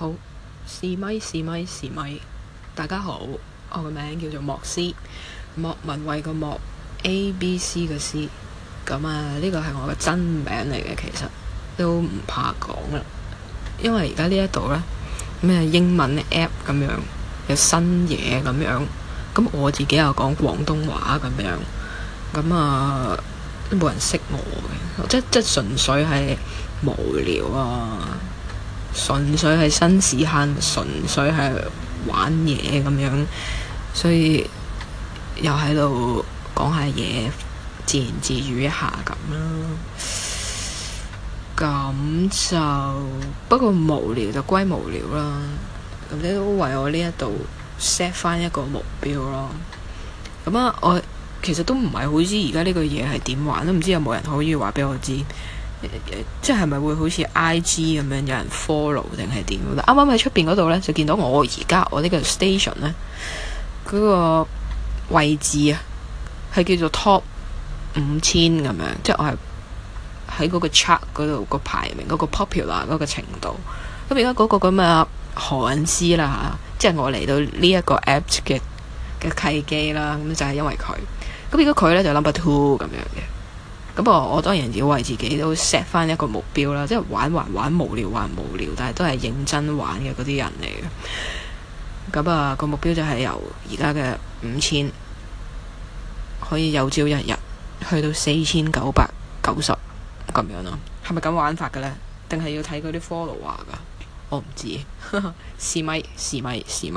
好，試咪，試咪，試咪，大家好，我個名叫做莫斯，莫文蔚個莫，A B C 個斯，咁啊呢個係我個真名嚟嘅，其實都唔怕講啦，因為而家呢一度呢，咩英文 app 咁樣有新嘢，咁樣，咁我自己又講廣東話咁樣，咁啊都冇人識我嘅，即即純粹係無聊啊。純粹係新時限，純粹係玩嘢咁樣，所以又喺度講下嘢，自言自語一下咁啦。咁就不過無聊就歸無聊啦。咁你都為我呢一度 set 翻一個目標咯。咁啊，我其實都唔係好知而家呢個嘢係點玩，都唔知有冇人可以話俾我知？即係咪會好似 I G 咁樣有人 follow 定係點？但啱啱喺出邊嗰度、那個啊就是、呢，就見到我而家我呢個 station 呢，嗰個位置啊，係叫做 top 五千咁樣。即係我係喺嗰個 chart 嗰度個排名，嗰個 popular 嗰個程度。咁而家嗰個咁啊何韻詩啦吓，即係我嚟到呢一個 app 嘅嘅契機啦。咁就係因為佢。咁而家佢呢，就 number two 咁樣嘅。咁啊！我當然要為自己都 set 翻一個目標啦，即係玩還玩，玩無聊還無聊，但係都係認真玩嘅嗰啲人嚟嘅。咁啊，個目標就係由而家嘅五千可以有朝一日，日去到四千九百九十咁樣啦。係咪咁玩法嘅呢？定係要睇嗰啲 follower 噶？我唔知，試咪試咪試咪。